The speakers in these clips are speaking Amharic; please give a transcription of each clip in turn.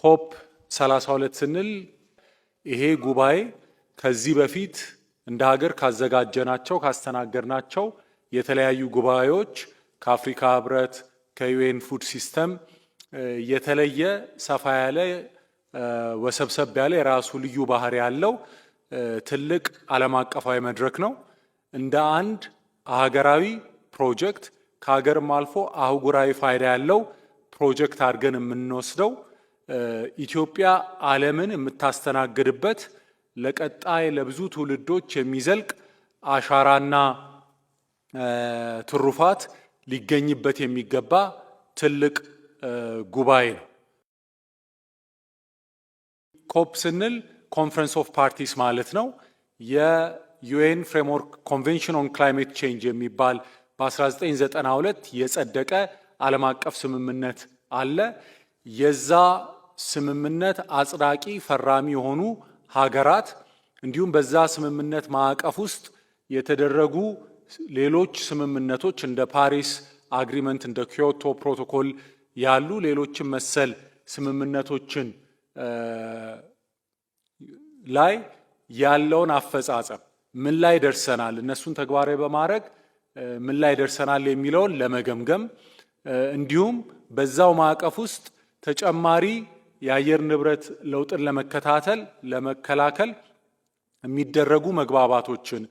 ኮፕ 32 ስንል ይሄ ጉባኤ ከዚህ በፊት እንደ ሀገር ካዘጋጀናቸው ካስተናገድናቸው የተለያዩ ጉባኤዎች ከአፍሪካ ህብረት ከዩኤን ፉድ ሲስተም የተለየ ሰፋ ያለ ወሰብሰብ ያለ የራሱ ልዩ ባህሪ ያለው ትልቅ ዓለም አቀፋዊ መድረክ ነው። እንደ አንድ ሀገራዊ ፕሮጀክት ከሀገርም አልፎ አህጉራዊ ፋይዳ ያለው ፕሮጀክት አድርገን የምንወስደው ኢትዮጵያ ዓለምን የምታስተናግድበት ለቀጣይ ለብዙ ትውልዶች የሚዘልቅ አሻራና ትሩፋት ሊገኝበት የሚገባ ትልቅ ጉባኤ ነው። ኮፕ ስንል ኮንፈረንስ ኦፍ ፓርቲስ ማለት ነው። የዩኤን ፍሬምወርክ ኮንቬንሽን ኦን ክላይሜት ቼንጅ የሚባል በ1992 የጸደቀ ዓለም አቀፍ ስምምነት አለ። የዛ ስምምነት አጽዳቂ ፈራሚ የሆኑ ሀገራት እንዲሁም በዛ ስምምነት ማዕቀፍ ውስጥ የተደረጉ ሌሎች ስምምነቶች እንደ ፓሪስ አግሪመንት እንደ ኪዮቶ ፕሮቶኮል ያሉ ሌሎችን መሰል ስምምነቶችን ላይ ያለውን አፈጻጸም ምን ላይ ደርሰናል፣ እነሱን ተግባራዊ በማድረግ ምን ላይ ደርሰናል የሚለውን ለመገምገም እንዲሁም በዛው ማዕቀፍ ውስጥ ተጨማሪ የአየር ንብረት ለውጥን ለመከታተል ለመከላከል የሚደረጉ መግባባቶችን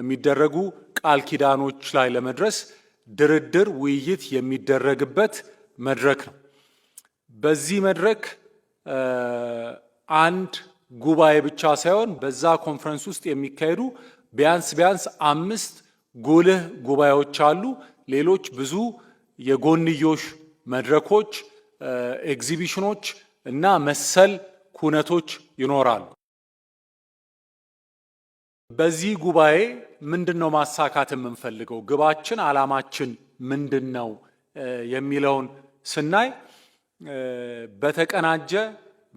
የሚደረጉ ቃል ኪዳኖች ላይ ለመድረስ ድርድር፣ ውይይት የሚደረግበት መድረክ ነው። በዚህ መድረክ አንድ ጉባኤ ብቻ ሳይሆን በዛ ኮንፈረንስ ውስጥ የሚካሄዱ ቢያንስ ቢያንስ አምስት ጉልህ ጉባኤዎች አሉ። ሌሎች ብዙ የጎንዮሽ መድረኮች፣ ኤግዚቢሽኖች እና መሰል ኩነቶች ይኖራሉ። በዚህ ጉባኤ ምንድን ነው ማሳካት የምንፈልገው ግባችን፣ ዓላማችን ምንድን ነው የሚለውን ስናይ በተቀናጀ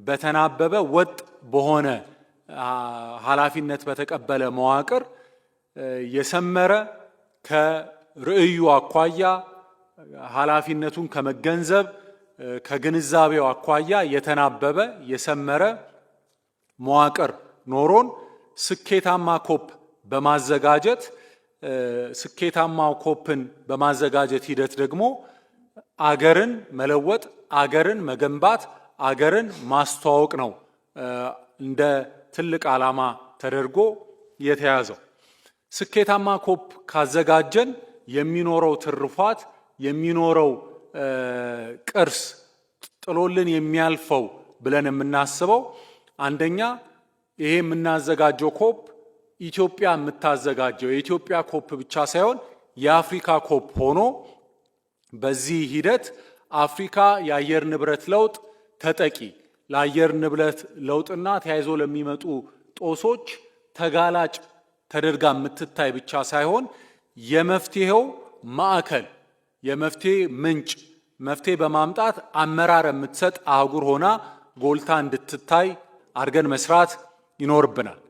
በተናበበ ወጥ በሆነ ኃላፊነት በተቀበለ መዋቅር የሰመረ ከርዕዩ አኳያ ኃላፊነቱን ከመገንዘብ ከግንዛቤው አኳያ የተናበበ የሰመረ መዋቅር ኖሮን ስኬታማ ኮፕ በማዘጋጀት ስኬታማው ኮፕን በማዘጋጀት ሂደት ደግሞ አገርን መለወጥ፣ አገርን መገንባት፣ አገርን ማስተዋወቅ ነው እንደ ትልቅ ዓላማ ተደርጎ የተያዘው። ስኬታማ ኮፕ ካዘጋጀን የሚኖረው ትርፋት የሚኖረው ቅርስ ጥሎልን የሚያልፈው ብለን የምናስበው አንደኛ ይሄ የምናዘጋጀው ኮፕ ኢትዮጵያ የምታዘጋጀው የኢትዮጵያ ኮፕ ብቻ ሳይሆን የአፍሪካ ኮፕ ሆኖ በዚህ ሂደት አፍሪካ የአየር ንብረት ለውጥ ተጠቂ ለአየር ንብረት ለውጥና ተያይዞ ለሚመጡ ጦሶች ተጋላጭ ተደርጋ የምትታይ ብቻ ሳይሆን የመፍትሄው ማዕከል የመፍትሄ ምንጭ መፍትሄ በማምጣት አመራር የምትሰጥ አህጉር ሆና ጎልታ እንድትታይ አድርገን መስራት ይኖርብናል።